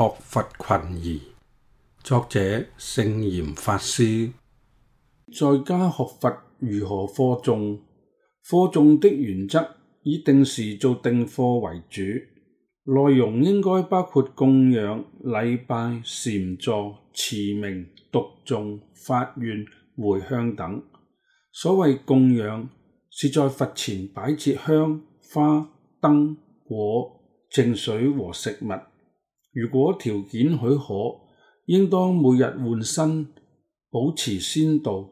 學佛群疑，作者聖嚴法師。在家學佛如何課誦？課誦的原則以定時做定課為主，內容應該包括供養、禮拜、禪坐、持名、讀誦、法願、迴向等。所謂供養，是在佛前擺設香、花、燈、果、淨水和食物。如果條件許可，應當每日換新，保持鮮度，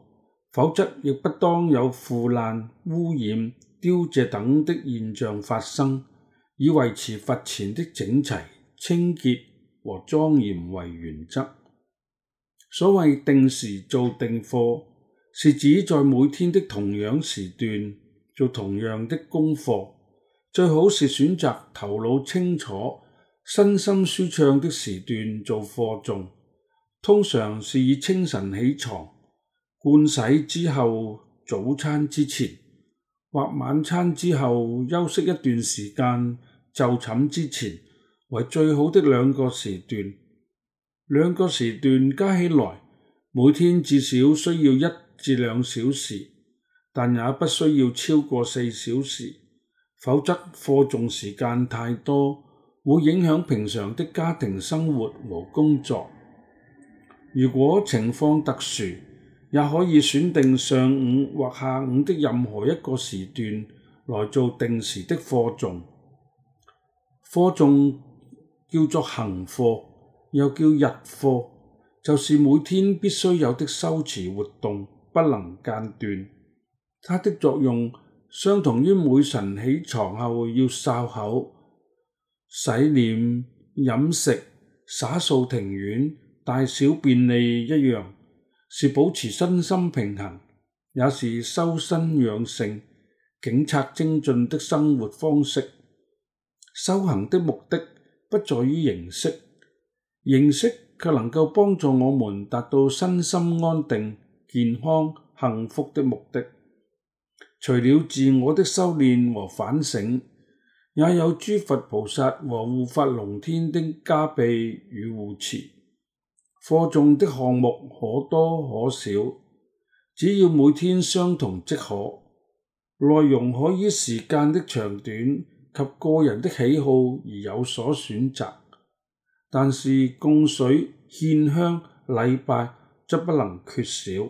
否則亦不當有腐爛、污染、凋謝等的現象發生，以維持佛前的整齊、清潔和莊嚴為原則。所謂定時做定課，是指在每天的同樣時段做同樣的功課，最好是選擇頭腦清楚，身心舒暢的時段做課誦，通常是以清晨起床、盥洗之後、早餐之前或晚餐之後休息一段時間、就寢之前為最好的兩個時段。兩個時段加起來，每天至少需要一至兩小時，但也不需要超過四小時，否則課誦時間太多。會影響平常的家庭生活和工作。如果情況特殊，也可以選定上午或下午的任何一個時段來做定時的課誦。課誦叫做行課，又叫日課，就是每天必須有的修持活動，不能間斷。它的作用相同於每晨起床後要漱口。洗臉、飲食、灑掃庭院、大小便利一樣，是保持身心平衡，也是修身養性、警策精進的生活方式。修行的目的不在於形式，形式卻能夠幫助我們達到身心安定、健康、幸福的目的。除了自我的修煉和反省。也有諸佛菩薩和護法龍天的加被與護持。課誦的項目可多可少，只要每天相同即可。內容可以時間的長短及個人的喜好而有所選擇，但是供水、獻香、禮拜則不能缺少。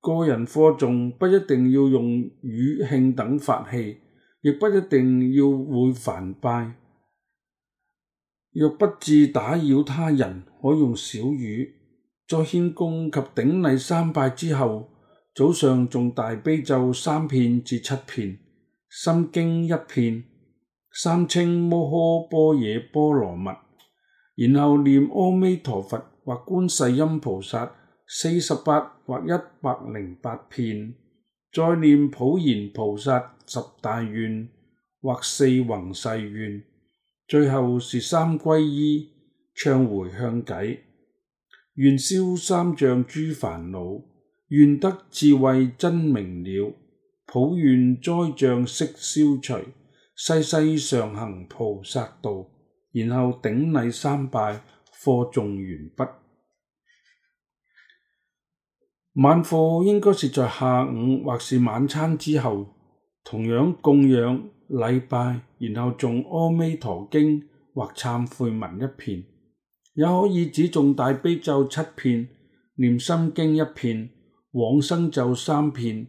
個人課誦不一定要用魚磬等法器。亦不一定要會梵唄，若不至打擾他人，可用小語。作獻供及頂禮三拜之後，早上誦大悲咒三遍至七遍，心經一遍，三稱摩訶般若波羅蜜，然後念阿彌陀佛或觀世音菩薩四十八或一百零八遍。再念普賢菩薩十大願或四弘誓願，最後是三歸依，唱回向偈，願消三障諸煩惱，願得智慧真明了，普願災障悉消除，世世上行菩薩道，然後頂禮三拜，課誦完畢。晚課應該是在下午或是晚餐之後，同樣供養禮拜，然後誦阿彌陀經或懺悔文一遍，也可以只誦大悲咒七遍，念心經一遍，往生咒三遍，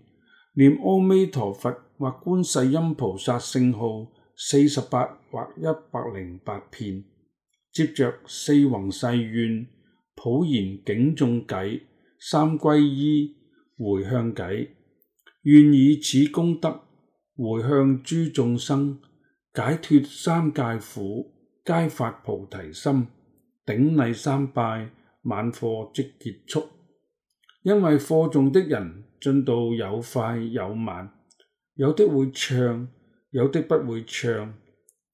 念阿彌陀佛或觀世音菩薩聖號四十八或一百零八遍，接着四弘誓願、普賢警眾偈。三皈依，回向偈，願以此功德回向諸眾生，解脫三界苦，皆發菩提心，頂禮三拜，晚課即結束。因為課誦的人進度有快有慢，有的會唱，有的不會唱，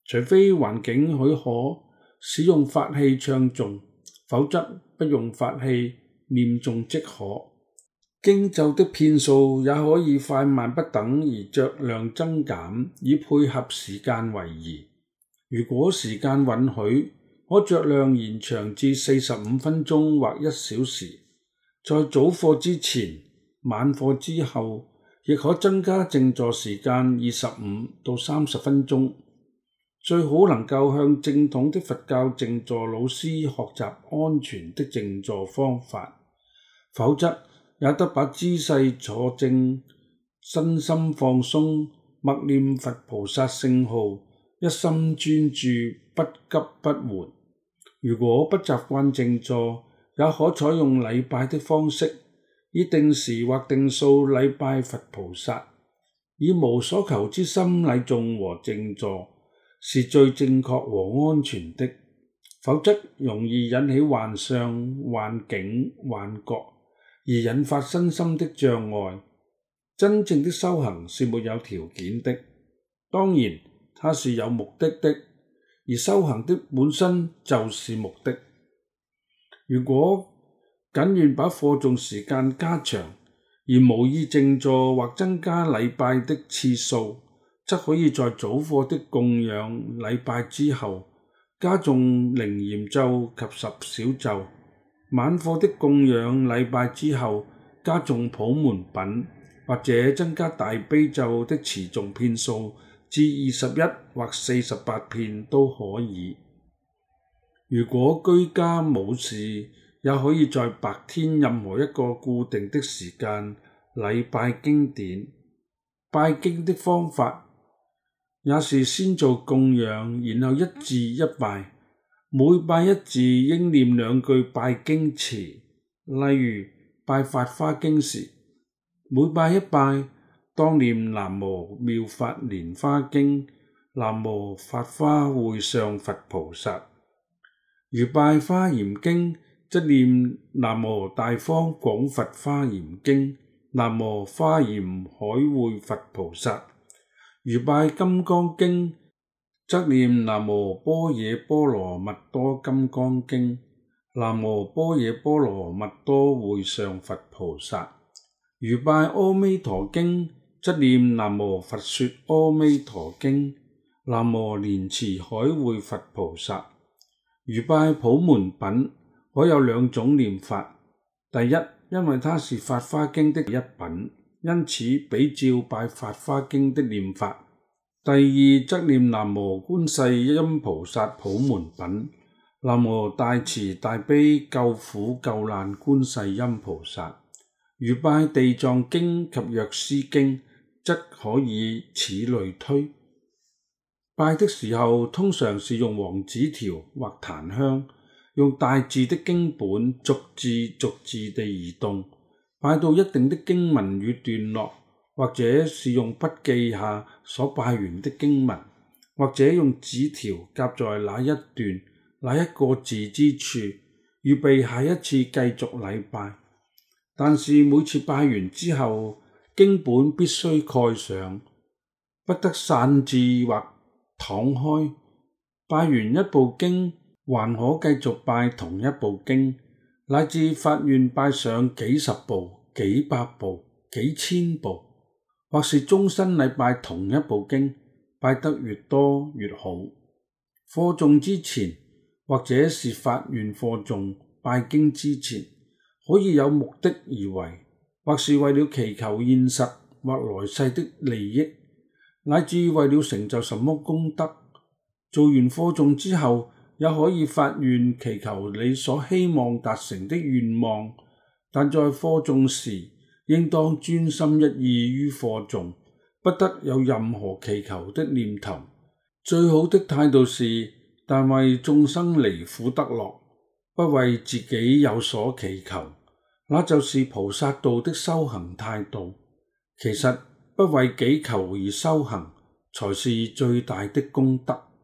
除非環境許可使用法器唱誦，否則不用法器。念誦即可，經咒的片數也可以快慢不等而酌量增減，以配合時間為宜。如果時間允許，可酌量延長至四十五分鐘或一小時，在早課之前、晚課之後，亦可增加靜坐時間二十五到三十分鐘。最好能夠向正統的佛教靜坐老師學習安全的靜坐方法，否則也得把姿勢坐正，身心放鬆，默念佛菩薩聖號，一心專注，不急不緩。如果不習慣靜坐，也可採用禮拜的方式，以定時或定數禮拜佛菩薩，以無所求之心禮誦和靜坐。是最正確和安全的，否則容易引起幻相、幻境、幻覺，而引發身心的障礙。真正的修行是沒有條件的，當然它是有目的的，而修行的本身就是目的。如果僅願把課誦時間加長，而無意靜坐或增加禮拜的次數。則可以在早課的供養禮拜之後加誦楞嚴咒及十小咒，晚課的供養禮拜之後加誦普門品，或者增加大悲咒的持誦遍數至二十一或四十八遍都可以。如果居家冇事，也可以在白天任何一個固定的時間禮拜經典，拜經的方法，也是先做供養，然後一字一拜，每拜一字應念兩句拜經詞。例如拜《法華經》時，每拜一拜當念南無妙法蓮華經，南無法華會上佛菩薩；如拜《華嚴經》則念南無大方廣佛華嚴經，南無華嚴海會佛菩薩。如拜《金剛經》，則念南無般若波羅蜜多金剛經，南無般若波羅蜜多會上佛菩薩；如拜《阿彌陀經》，則念南無佛說阿彌陀經，南無蓮池海會佛菩薩；如拜《普門品》，可有兩種念法：第一，因為它是《法華經》的一品。因此，比照拜《法花經》的念法，第二則念《南無觀世音菩薩普門品》，南無大慈大悲救苦救難觀世音菩薩。如拜《地藏經》及《藥師經》，則可以此類推。拜的時候，通常是用黃紙條或檀香，用大字的經本，逐字逐字地移動。拜到一定的經文與段落，或者是用筆記下所拜完的經文，或者用紙條夾在那一段那一個字之處，預備下一次繼續禮拜。但是每次拜完之後，經本必須蓋上，不得散置或躺開。拜完一部經，還可繼續拜同一部經。乃至發願拜上幾十部、幾百部、幾千部，或是終身禮拜同一部經，拜得越多越好。課誦之前，或者是發願課誦拜經之前，可以有目的而為，或是為了祈求現實或來世的利益，乃至為了成就什麼功德。做完課誦之後，也可以發願祈求你所希望達成的願望，但在課誦時，應當專心一意於課誦，不得有任何祈求的念頭。最好的態度是，但為眾生離苦得樂，不為自己有所祈求，那就是菩薩道的修行態度。其實，不為己求而修行，才是最大的功德。